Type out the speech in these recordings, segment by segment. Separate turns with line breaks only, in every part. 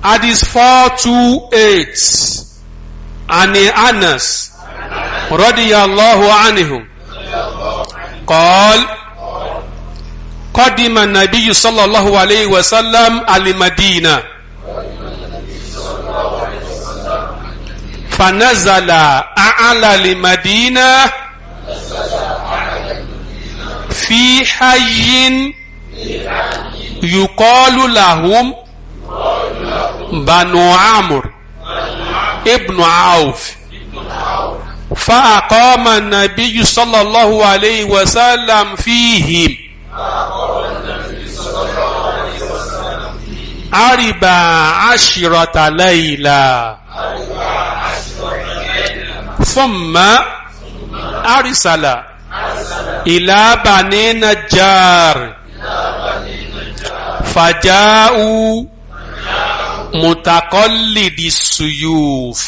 Hadith 428 عن Anas. رضي الله عنه قال قدم النبي صلى الله عليه وسلم على المدينة فنزل أعلى المدينة في حي يقال لهم بنو عمرو ابن عوف فأقام النبي صلى الله عليه وسلم فيهم أربع عشرة ليلة ثم أرسل إلى بني نجار فجاءوا mutakọ́lìdì suyuf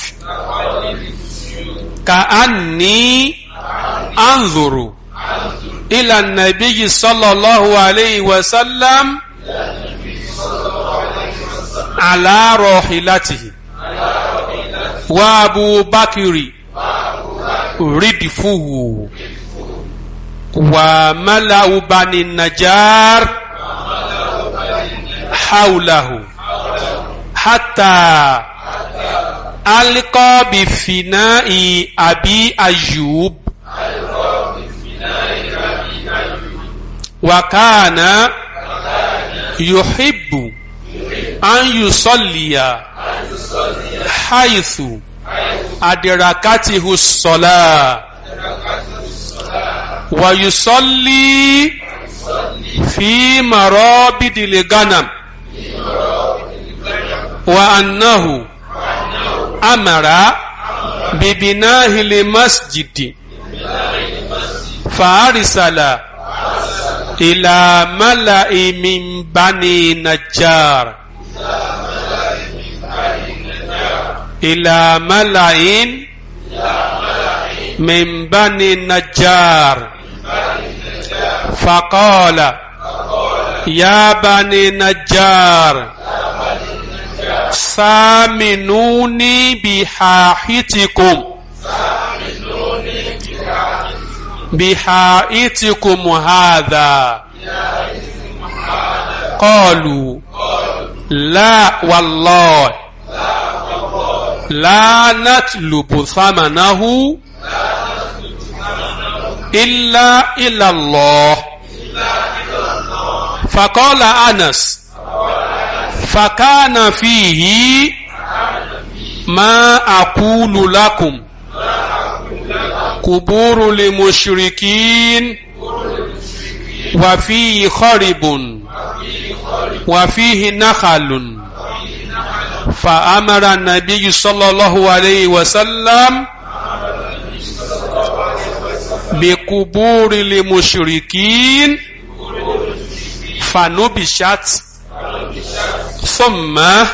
ka'anni anzuru ila nabiyyi sallallahu alayhi wa sallam ala rohilatihi wa abu bakiri ridifuhu wa mala'u bani najar hawlahu. حتى ألقى بفناء أبي أيوب وكان يحب أن يصلي حيث أدركته الصلاة ويصلي في مرابد الغنم وأنه أمر ببناء المسجد فأرسل إلى ملأ من بني نجار إلى ملأ من بني نجار فقال يا بني نجار سامنوني بحاحتكم بحائتكم هذا قالوا لا والله لا نطلب ثمنه إلا إلى الله فقال أنس فكان فيه ما أقول لكم قبور لمشركين وفيه خرب وفيه نخل فأمر النبي صلى الله عليه وسلم بقبور المشركين فنبشت summa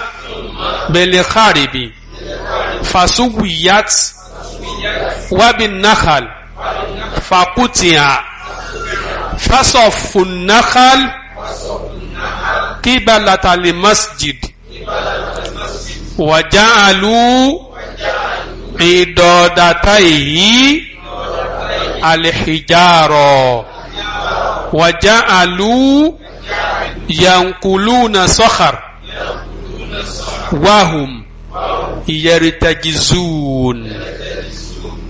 bilkharibi fasuwiyat wabinakhal fakutia fasofu nakhal kibalata li masjid wajaalu idodatayi alihijaro wajaalu yankuluna sokhar. وهم يرتجزون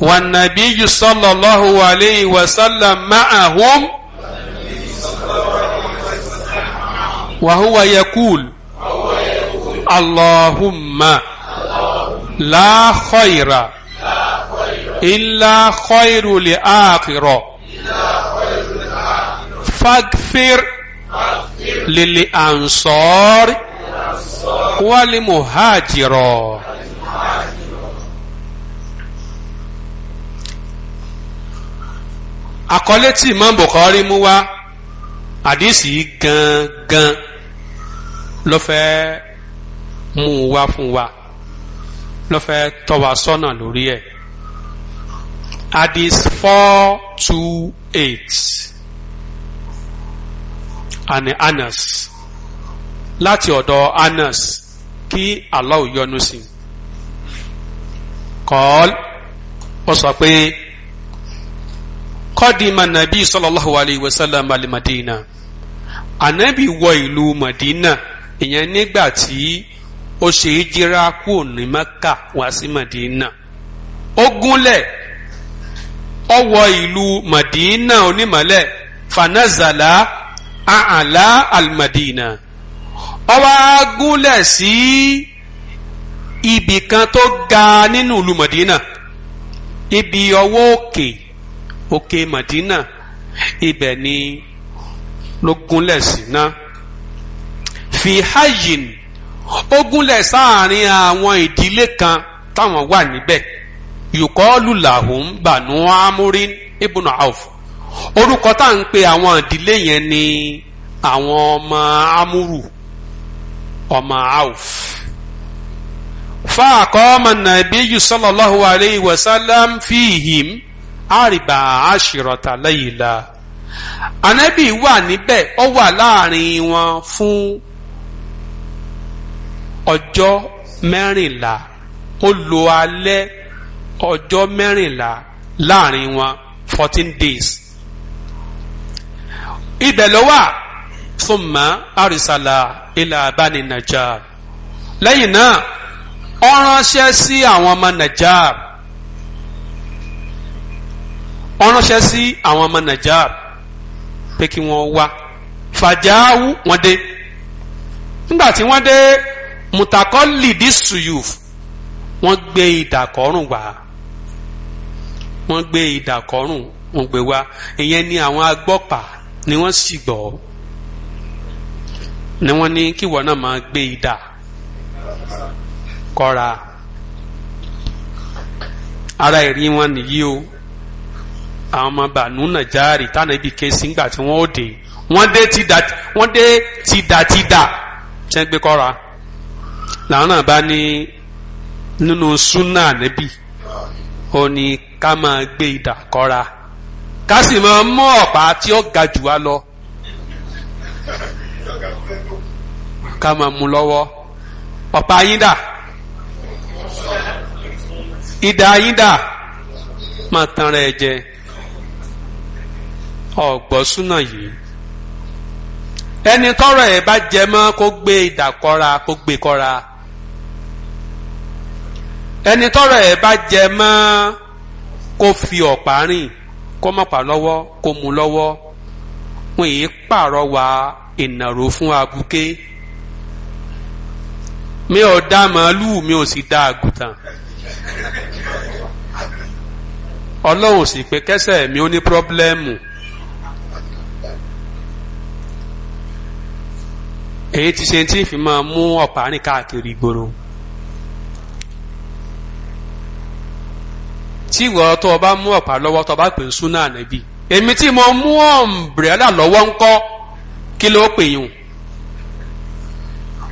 والنبي صلى الله عليه وسلم معهم وهو يقول اللهم لا خير إلا خير لآخرة فاغفر للأنصار wali muhajiro àkọlé tí Imam Bukhari mú wá àdìsí gangan ló fẹ́ mú wá fún wa ló fẹ́ tọ́ wa sọ́nà lórí ẹ̀ àdìs four two eight and Anas láti ọ̀dọ̀ Anas kí Allah yọ́nú sí kọ́ọ́l ó sọ pé kọ́dìmà nàbí sallallahu alayhi wa sallam Madina. ànábì wọ ìlú Madina ìyẹn nígbà tí ó ṣe é jíra kúrò ní Mẹ́kà wá sí Madina ó gúnlẹ̀ ó wọ ìlú Madina onímọ̀lẹ̀ fanazala àhàlà alimadina. Al ọwọ́ agúnlẹ̀ sí ibì kan tó ga nínú ìlú Mọ̀dínà ibi ọwọ́ òkè òkè Mọ̀dínà ibẹ̀ ni ló gúnlẹ̀ sí náà fi hayin ó gúnlẹ̀ sáàrin àwọn ìdílé kan táwọn wà níbẹ̀ yòkọ́ọ́lù làhùn bànú amúrín ibùnà auf orúkọ tá à ń pe àwọn ìdílé yẹn ni àwọn ọmọ amúrù ọmọ Auf fàkọ́ọ́mà nàbíyù sallallahu alayhi wa sallam fíhìm àrìbà àṣìrọ̀tà layla ànábì wà níbẹ̀ ó wà láàrin wọn fún ọjọ́ mẹ́rìnlá ó lo alẹ́ ọjọ́ mẹ́rìnlá láàrin wọn fourteen days ibẹ̀ ló wà thumma arisala ila bani najar lẹ́yìn náà ó ránṣẹ́ sí àwọn ọmọ najar ó ránṣẹ́ sí àwọn ọmọ najar pé kí wọ́n wá fàjáwù wọ́n dé nígbà tí wọ́n dé mutakọ́lìdì suyuf wọ́n gbé ìdàkọ́rùn wá wọ́n gbé ìdàkọ́rùn wọ́n gbé wá ìyẹn ni àwọn agbọ́pàá ni wọ́n sì gbọ́ ni wọ́n ní kí wọ́n náà máa gbé idà kọ́ra ara ìrí wọn nìyí o àwọn ọmọ bànú nàjárì táwọn ibi ké sí ńgbà tí wọ́n ó dé wọ́n dé tìdà wọ́n dé tìdàtìdà tí wọ́n gbé kọ́ra làwọn náà bá ní nínú súnà níbí ó ní ká máa gbé idà kọ́ra ká sì máa mú ọ̀pá tí ó ga jù wá lọ kama máa mú lọ́wọ́ ọ̀pá yín dà ìdá yín dà máa tan rẹ̀ jẹ ọ̀gbọ́ súnà yìí ẹni tọrọ ẹ bá jẹ mọ́ kó gbé ìdàkọra kó gbé kọra ẹni tọrọ ẹ bá jẹ mọ́ kó fi ọ̀pá rìn kó má pa lọ́wọ́ kó mú lọ́wọ́ wọn yìí pàrọwà ìnàró fún abuké mi ò dá màálù mi ò sì dá àgùntàn ọlọ́run sì pé kẹ́sẹ̀ mi ò ní pírọ́blẹ́mù èyí ti ṣe tí fi máa mú ọ̀pá rìn káàkiri ìgboro tí ìwọ tó o bá mú ọ̀pá lọ́wọ́ tó o bá pè ń súnà ànábì èmi tí mo mú ọ̀mbrẹ́là lọ́wọ́ ńkọ́ kí ló pè yùn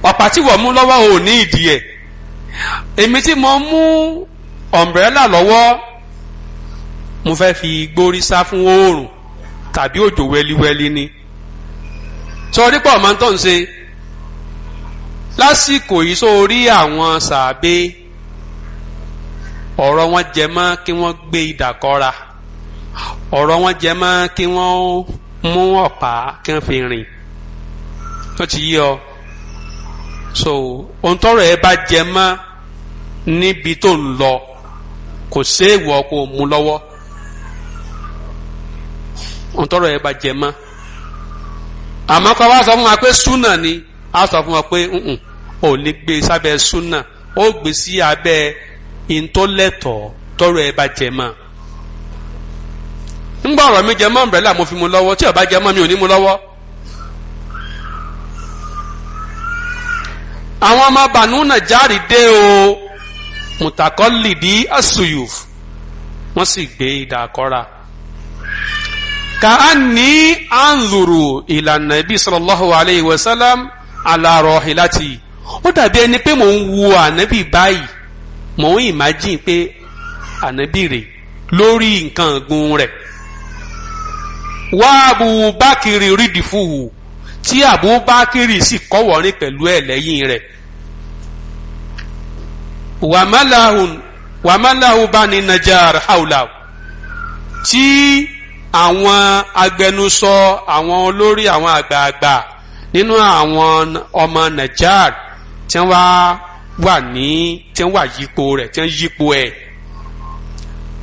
ọ̀pá tí wọ́n mú lọ́wọ́ ò ní ìdí ẹ̀ èmi tí mo mú ọ̀mbrẹ́là lọ́wọ́ mo fẹ́ fi gbórí sá fún oòrùn tàbí òjò wẹ́líwẹ́lí ni sọrí pọ̀ máa ń tọ́ ń ṣe lásìkò yìí sórí àwọn sàbẹ ọ̀rọ̀ wọn jẹ mọ́ kí wọ́n gbé idà kọ́ra ọ̀rọ̀ wọn jẹ mọ́ kí wọ́n mú ọ̀pá kí wọ́n fi rìn tó ti yí ọ. so ohun tọrọ ẹ bá jẹ mọ́ níbi tó ń lọ kò séèwọ̀ kò mú lọwọ ohun tọrọ ẹ bá jẹ mọ́ àmọ́ kọ wá sọ fún wa pé súnà ni a sọ fún wa pé nùn ò lè gbé e sábẹ́ súnà ó gbé sí abẹ́ ìntólẹtọ tọrọ ẹ bá jẹ mọ́ ńgbà ọ̀rọ̀ mi jẹ mọ́ umbrella mo fi mu lọwọ tí ọba bá jẹ mọ́ mi ò ní mu lọwọ. àwọn ọmọ bànú nàjárì dé o mutakọ́lìdí asuyuf wọ́n sì gbé idà kọ́ra. ka'anni anzuru ila nabi sallallahu alayhi wa sallam ala rahilati ó dàbí ẹni pé mò ń wo ànábì báyìí mò ń imagine pé ànábì rè lórí nǹkan ọ̀gbun rẹ̀ wá Abu Bakiri rídìí fúhù tí abubakiri sì kọ́wọ̀ọ́rìn pẹ̀lú ẹ̀ lẹ́yìn rẹ̀ wàmálàhù bá ní najar haúláhù tí àwọn agbẹnusọ àwọn olórí àwọn àgbààgbà nínú àwọn ọmọ najar tí wọ́n wá wà ní tí wọ́n wà yípo rẹ̀ tí wọ́n yípo ẹ̀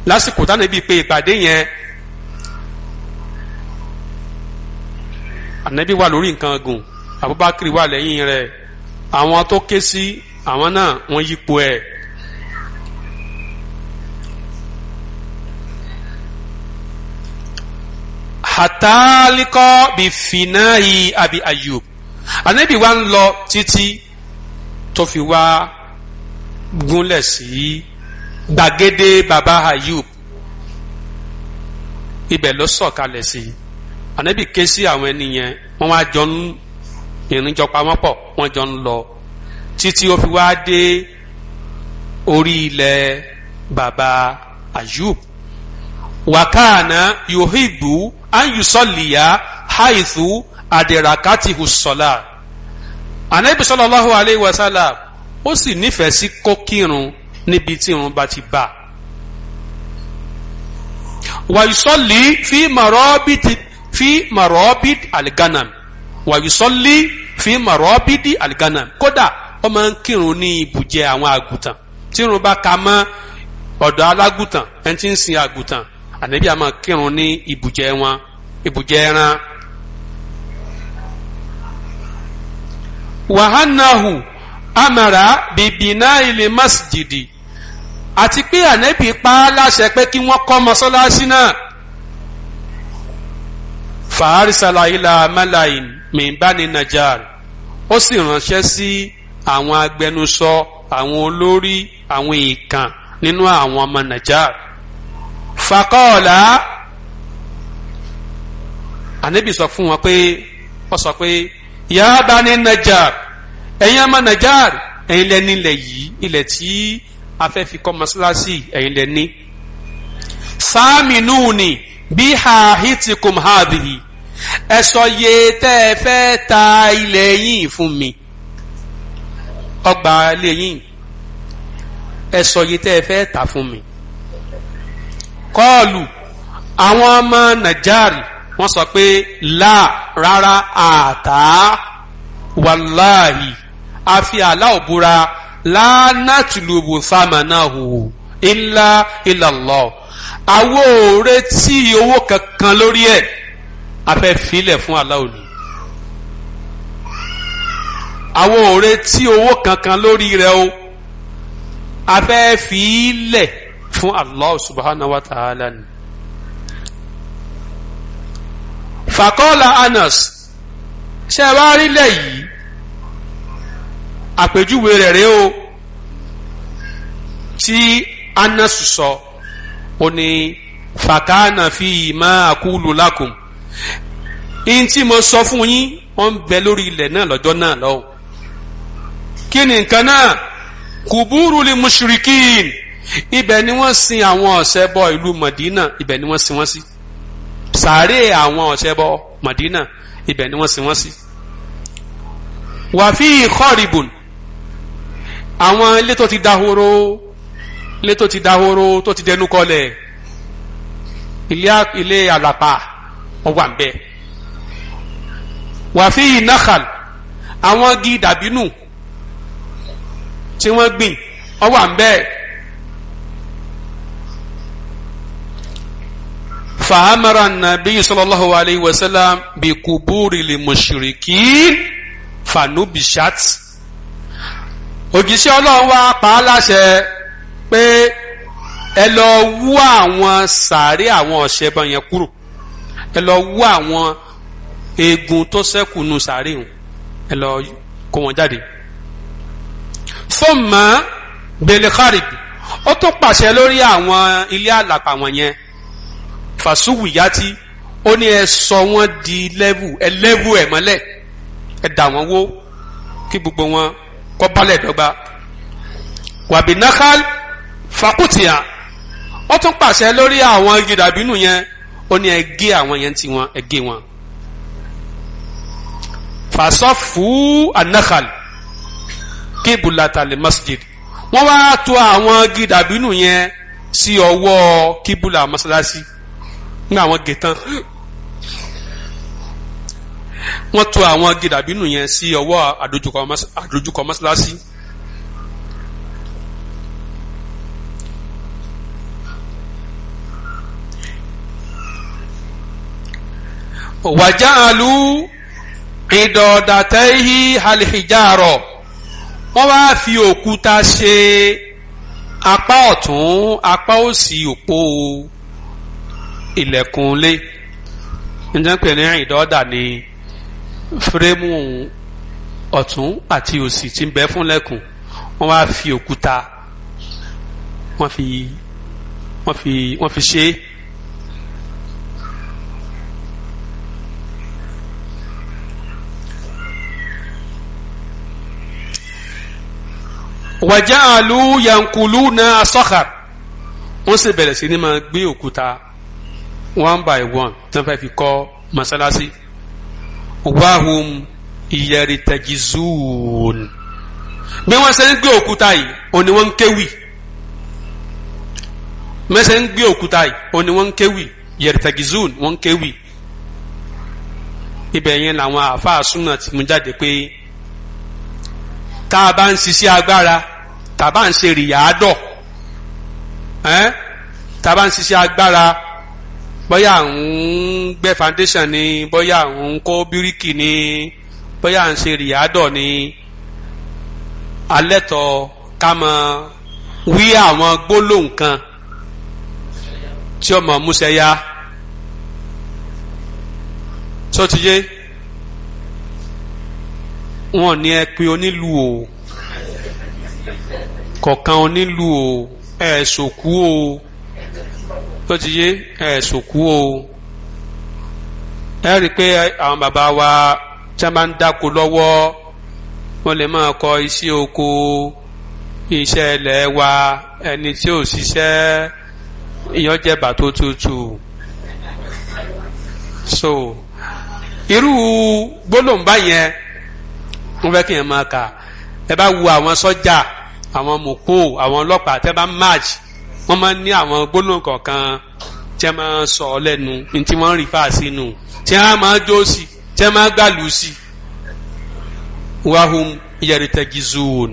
lásìkò tánàbí pé ìpàdé yẹn ànábì wà lórí nǹkan gùn abubakar wà lẹ́yìn rẹ̀ àwọn tó ké sí àwọn náà wọ́n yípo ẹ̀. hatalikọ bí finayi abi ayub ànábì wa ń lọ títí tó fi wá gúnlẹ̀ sí gbàgede baba ayub ibẹ̀ ló sọ̀kalẹ̀ sí i ànábì ké sí àwọn ẹni yẹn wọ́n wá jọ ń ìrìnjọ pamọ́ pọ̀ wọ́n jọ ń lọ títí ó fi wá dé orí ilẹ̀ baba ayub wàkàna yohibu anyusọlìyà haithu aderakati husola anabi sallallahu alayhi wa sallam ó sì nífẹ̀ẹ́ sí kókírun níbi tí irun bá ti bá wàyísọ́lì fi mọ̀rọ́ bí ti fi marobid alganam wàyùsọ́lì fi marobidi alganam kódà ó máa ń kírun ní ibùjẹ àwọn àgùntàn tírun bá ka mọ́ ọ̀dọ̀ alágùntàn ẹni tí ń sin àgùntàn ànábì á kírun ní ibùjẹ wọn ibùjẹ ẹran. wàhánahu amara bìbìnà ilé masjidi àti pé ànábì pa á láṣẹ pé kí wọ́n kọ́ mọ́sálásí náà fàárísàlà ilà malayin mìbáni najar ó sì ránṣẹ́ sí àwọn agbẹnusọ àwọn olórí àwọn ìkàn nínú àwọn ọmọ najar fakọọlá anabi sọ fún wọn pé ó sọ pé yaba ni najar ẹ̀yin ọmọ najar ẹ̀yin lẹ ní ilẹ̀ yìí ilẹ̀ tí a fẹ́ fi kọ́ mọ́sálásí ẹ̀yin lẹ sáàmì nùní bí ha hàbìhì ẹ sọ iye tẹ́ ẹ fẹ́ ta ilẹ̀ yín fún mi ọgbà ilé yín ẹ sọ iye tẹ́ ẹ fẹ́ tà fún mi kọ́ọ̀lù àwọn ọmọ nàìjíríà wọ́n sọ pé là rárá àtà wàláhì àfi aláòbúra lánàtìlúbù sámánà hù illa illallah àwọn ò retí owó kankan lórí ẹ̀ afẹ́ filẹ̀ fún aláwo ni àwọn ò retí owó kankan lórí rẹ o afẹ́ filẹ̀ fún Allah subhanahu wa ta'ala ni. fàkọ́lá Anas ṣe wá rílẹ̀ yìí àpèjúwe rẹ̀ rèé o tí Anas sọ ó ní fàkánà fi máa kúlù lakum ihun tí mo sọ fún yín wọ́n ń bẹ lórí ilẹ̀ náà lọ́jọ́ náà lọ́wọ́ kí ni nǹkan náà kùbúrú li mushrikin ibẹ̀ ni wọ́n sin àwọn ọ̀ṣẹbọ ìlú Mọ̀dínà ibẹ̀ ni wọ́n sin wọ́n sí sàárè àwọn ọ̀ṣẹbọ Mọ̀dínà ibẹ̀ ni wọ́n sin wọ́n sí. wàfí kharibun àwọn ilé tó ti dahoro ilé tó ti dahoro tó ti dẹnu kọlẹ̀ ilé àlàpà ọwà ń bẹ wàfíì nàkàl àwọn igi dàbínù tí wọ́n gbìn ọwà ń bẹ fàámàrà nàbí sallallahu alayhi wa sallam bí kuburi lil mushrikin fanubishat òjíṣẹ́ ọlọ́run wa pa á láṣẹ pé ẹ lọ wú àwọn sàárẹ̀ àwọn ọ̀ṣẹ́bọn yẹn kúrò ẹ lọ wú àwọn eegun tó ṣẹ́kù nu sàárè hùn ẹ lọ kó wọn jáde. fún mọ́ belikarib ó tún pàṣẹ lórí àwọn ilé àlàpà wọ̀nyẹn fàṣùwìyàtì ó ní ẹ sọ wọn di lẹ́bù ẹ lẹ́bù ẹ mọ́lẹ̀ ẹ dà wọ́n wó kí gbogbo wọn kọ́ balẹ̀ dọ́gba. wàbí nakal fakutia ó tún pàṣẹ lórí àwọn igi dàbínú yẹn ó ní ẹ gé àwọn yẹn ti wọn ẹ wọn. fasafu anahal kibulata le masjid wọ́n wá tò àwọn gidabinu yẹn sí ọwọ́ kibula masalasi ní àwọn gẹ̀tán wọ́n tò àwọn gidabinu yẹn sí ọwọ́ àdójúkọ masalasi. Mas wàjáàlú ìdọ̀dàtẹ́hì alìhìjáàrọ̀ wọ́n wá fi òkúta ṣe apá ọ̀tún apá òsì òpó ilẹ̀kùnlé níjẹ́ pé ní ìdọ́dà ni fírẹ́mù ọ̀tún àti òsì tí ń bẹ fún lẹ́kùn wọ́n wá fi òkúta wọ́n fi wọ́n fi wọ́n fi ṣe é. wàjà àlù yankulu náà sọ́kà wọ́n sì bẹ̀rẹ̀ sí ni máa gbé òkúta one by one tí wọ́n fi kọ́ masalasi wahum ìyẹrìtẹ̀jìzùn bí wọ́n ṣe ń gbé òkúta yìí òní wọ́n ń kéwì mẹsẹ̀ ń gbé òkúta yìí òní wọ́n ń kéwì yẹrìtẹ̀jìzùn wọ́n ń kéwì ibẹ̀ yẹn làwọn àáfàá súnà ti mú jáde pé tá a bá ń ṣiṣẹ́ agbára tàbá ń ṣe rìyàádọ̀ ẹ́n tàbá ń ṣiṣẹ́ agbára bóyá à ń gbẹ́ foundation ni bóyá à ń kó bíríkì ni bóyá à ń ṣe rìyàádọ̀ ni alẹ́tọ̀ ká mọ wí àwọn gbólóhùn kan tí ọmọ musa ya sọ wọn ni ẹ pé onílù o kọ̀ọ̀kan onílù o ẹ̀ sòkú o tó ti yé ẹ̀ sòkú o ẹ rí i pé àwọn bàbá wa tí wọ́n bá ń dáko lọ́wọ́ wọ́n lè máa kọ iṣẹ́ oko iṣẹ́ ilẹ̀ wa ẹni tí ò ṣiṣẹ́ ìyànjẹ̀bà tó tutù so irú gbólóǹbá yẹn wọ́n fẹ́ kí yẹn máa kà ẹ bá wo àwọn sọ́jà. So, àwọn mòpó àwọn ọlọ́pàá tẹ́ bá march wọ́n máa ń ní àwọn gbólóhùn kọ̀ọ̀kan tí wọ́n máa ń sọ ọ lẹ́nu ní tí wọ́n ń rí fáàsì nù tí máa jó sí tí máa gbàlù sí. wahum yẹrìtẹ́gì zoon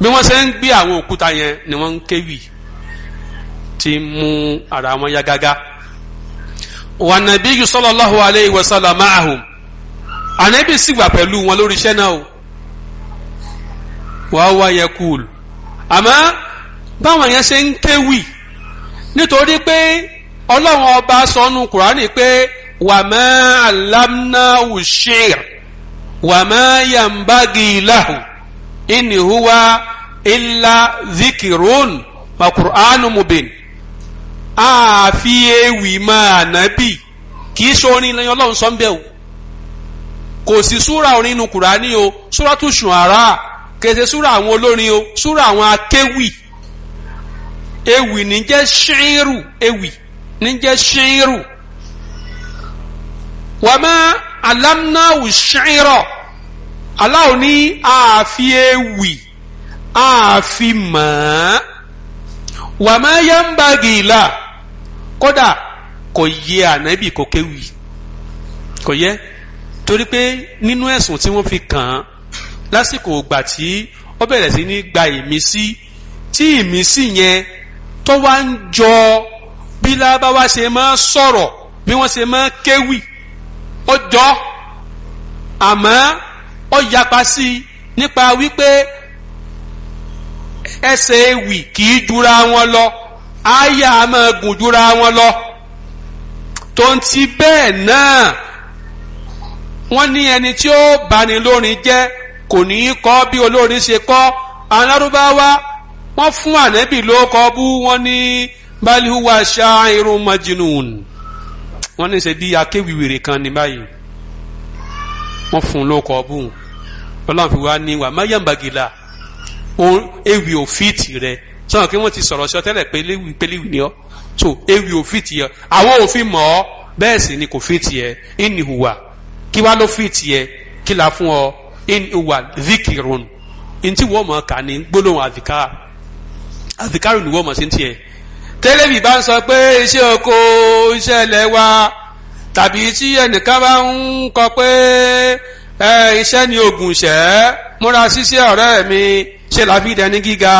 bí wọ́n ṣe ń gbé àwọn òkúta yẹn ni wọ́n ń kéwì tí mú ara wọn yá gágá. wà nàbí sallallahu alayhi wa sallam ma'ahum ànábì sì wà pẹ̀lú wọn lórí iṣẹ́ náà o. wàá wá yẹ kúùlù àmọ́ báwọn yẹn ṣe ń kéwì nítorí pé ọlọ́run ọba sọnù kùránì pé wàmọ́ alámúná ùṣìír wàmọ́ yambagi lahu ìníhùwà illa zikirun makur'anu mubin àfi ewì máa nàbì kì í sọrin lẹ́yìn ọlọ́run sọ́ńbẹ́ o kò sí súra orin inú kùránì o súra tún ṣùn ara kèsè súra àwọn olórin o súra àwọn akéwì ewì ní jẹ́ ṣírù ewì ní jẹ́ ṣírù wà má alámnáwù ṣírọ̀ aláwo ní àfi ewì àfi mọ́ wà má yámbàgìlà kódà kò yẹ ànábì kò kéwì kò yẹ torí pé nínú ẹ̀sùn tí wọ́n fi kàn án lásìkò ìgbà tí ó bẹ̀rẹ̀ sí ní gba ìmísí tí ìmísí yẹn tó wá ń jọ bí lábáwá ṣe máa sọ̀rọ̀ bí wọ́n ṣe máa kéwì ó jọ àmọ́ ó yapa sí i nípa wípé ẹsẹ̀ ewì kì í jura wọn lọ àyà máa gùn jura wọn lọ tó bẹ́ẹ̀ náà wọ́n ní ẹni tí ó bani lórin jẹ́ kò ní í kọ́ bí olórin ṣe kọ́ alárúbáwá wọ́n fún ànẹ́bì ló kọ́ bú wọ́n ní balihuwa ṣáírun majinun wọ́n ní ṣe bí akéwìwèrè kan ní báyìí wọ́n fún ló kọ́ bú ọlọ́run fi wá ní wà máyàmbagìlà ewì òfìtì rẹ sọ̀rọ̀ kí wọ́n ti sọ̀rọ̀ sí ọ tẹ́lẹ̀ péléwì ni ọ́ so ewì òfìtì ọ àwọn òfin mọ̀ ọ́ bẹ́ẹ̀ sì ni kò fìtì ẹ ìnìhùwà kí wá ló fìtì ẹ kí la fún ọ in huwa dhikirun ntí wọ́n mọ̀ ká ní gbólóhùn àdìkárà àdìkárà ni wọ́n mọ̀ sí tiẹ̀ tẹ́lẹ̀bì bá ń sọ pé iṣẹ́ oko iṣẹ́ ilẹ̀ wa tàbí tí ẹnìkan bá ń kọ pé iṣẹ́ ni oògùn ìṣẹ́ múra ṣiṣẹ́ ọrẹ mi ṣe làbí ìdẹni gíga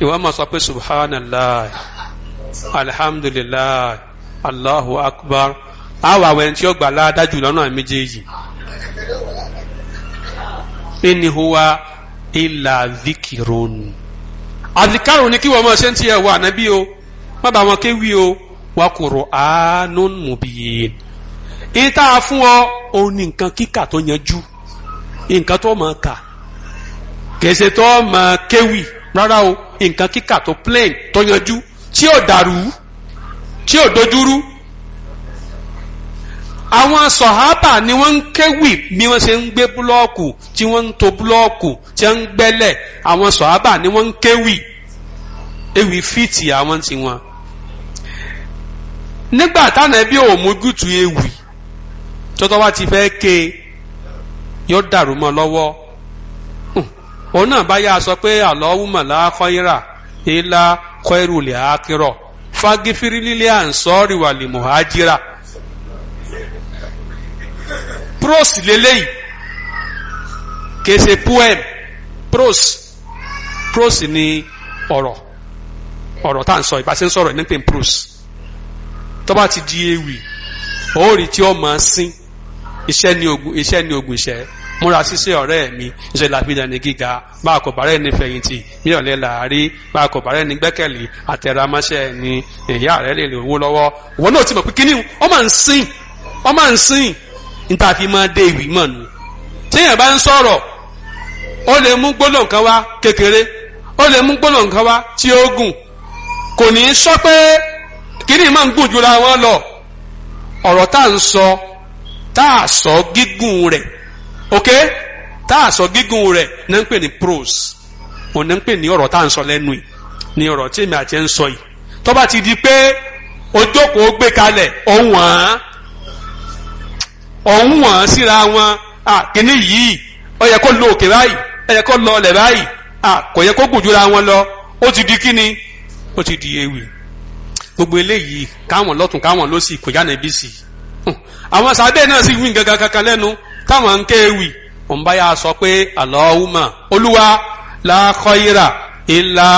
ìwọ máa sọ pé subhanallah alhamdulillah allahu akbar àwọn àwọn ẹni tí ó gbà ládájú lọ́nà méjèèjì. in huwa illa dhikirun àdìkárùn ni kí wọ́n máa ṣe ń tiẹ̀ wọ ànábì o má bàa wọn kéwì o wa Qur'anun mubin ìta fún ọ òun ni nǹkan kíkà tó yanjú nǹkan tó máa kà kèsè tó máa kéwì rárá o nǹkan kíkà tó plain tó yanjú tí ò dàrú tí ò dojúrú àwọn sọ̀hábà ni wọ́n ń kéwì bí wọ́n ṣe ń gbé búlọ́ọ̀kù tí wọ́n ń to búlọ́ọ̀kù tí wọ́n ń gbẹ́lẹ̀ àwọn sọ̀hábà ni wọ́n ń kéwì ewì fíìtì àwọn tiwọn. nígbà táwọn ẹbí ò mójútu ewì tọ́tọ́ wá ti fẹ́ ké yóò dàrú mọ́ lọ́wọ́ òun náà bá yá sọ pé àlọ́wùmọ̀ làákọ́yìrà ìlà kọ́ìrù lè ákírọ̀ fagifiri lílé à ń sọ́ọ́rì wà lè mọ̀ ájírà prose lélẹ́yìí kìí ṣe poem prose prose ni ọ̀rọ̀ ọ̀rọ̀ tá à ń sọ ìbáṣe ń sọ̀rọ̀ nípe prose tó bá ti di ewì òórì tí ó máa sín iṣẹ́ ni ogun iṣẹ́ ni ogun iṣẹ́ múra ṣíṣe ọ̀rẹ́ mi iṣẹ́ làfihàn ní gíga máa kò bàárẹ̀ ní fẹ̀yìntì mi ọ̀lẹ́ làárí a kò bàárẹ̀ ní gbẹ́kẹ̀lé àtẹ̀rámọ́ṣẹ́ ni ìyá rẹ̀ lè lè owó lọ́wọ́ wọn náà ti mọ̀ pé kíní ọ ń sìn ọ ń sìn níta fi máa dé ìwì mọ̀ nù tíyẹn bá ń sọ̀rọ̀ ó lè mú gbólóhùn kan wá kékeré ó lè mú gbólóhùn wá tí ó gùn kò ní í sọ pé kíní máa ń gùn jura lọ ọ̀rọ̀ tá à ń sọ tá à ok tá à sọ gígùn rẹ̀ ní ń pè ní prose òun ní ń pè ní ọ̀rọ̀ tá à ń sọ lẹ́nu yìí àti ẹ̀ ń sọ yìí pé ojókòó gbé kalẹ̀ ọ̀hún wọ̀n síra wọn kíní yìí ó yẹ kó lọ òkè báyìí ó yẹ kó lọ ọlẹ̀ báyìí kò yẹ kó gùjúra wọn lọ ó ti di kíni ó ti di ewì gbogbo eléyìí káwọn lọ́tún káwọn lọ́sì kò yá nàbí sí i àwọn sàbẹ̀ náà sì wí nǹkan kankan lẹ́nu táwọn ń ké ewì òun bá yà sọ pé Allahumma olúwa la khaira illa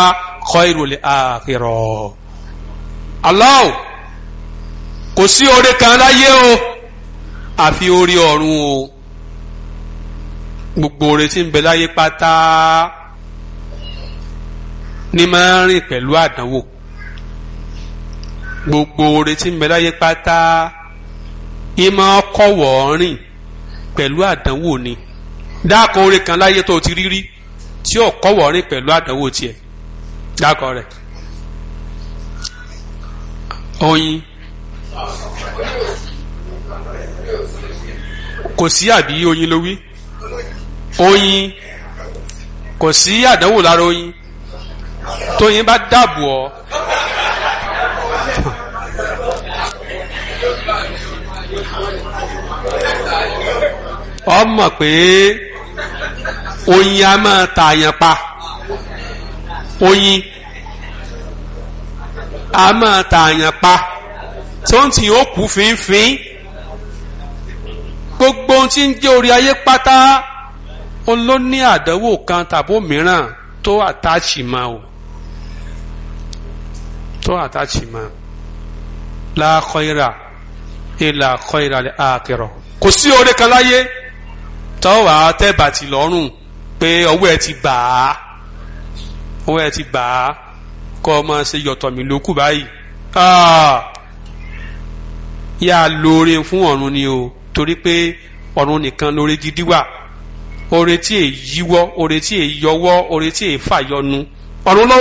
khairul akhirah Allah kò sí oore kan láyé o àfi orí ọ̀run o gbogbo oore tí ń bẹ láyé pátá ní máa ń rìn pẹ̀lú àdánwò gbogbo oore tí ń bẹ láyé pátá ní máa kọ̀wọ̀ rìn pẹ̀lú àdánwò ni dáàkọ oore kan láyé tó ti rí rí tí ò kọ̀wọ̀ rìn pẹ̀lú àdánwò tiẹ̀ dáàkọ rẹ̀ oyin kò sí àbí oyin ló wí oyin kò sí àdánwò lára oyin tóyin bá dàbò ọ. ọmọ pé oyin a máa tààyàn pa oyin a máa tààyàn pa tó ń tì ó kú fínfín ohun tí ń jẹ́ orí ayé pátá òun ló ní àdánwò kan tàbó mìíràn tó àtàchì máa o tó àtàchì máa la khaira illa khaira al kò sí oore kan láyé tọ́ wàá tẹ́ bàtì lọ́rùn pé ọwọ́ ẹ ti bà á ọwọ́ ẹ ti bà á kọ́ ọ máa ṣe yọ̀tọ̀ mi lókù báyìí ah! yà á lóore fún ọ̀run ni o torí pé ọ̀run nìkan lóore gidi wà oore tí èyíwọ́ oore tí èyọwọ́ oore tí èfàyọnu ọ̀run ló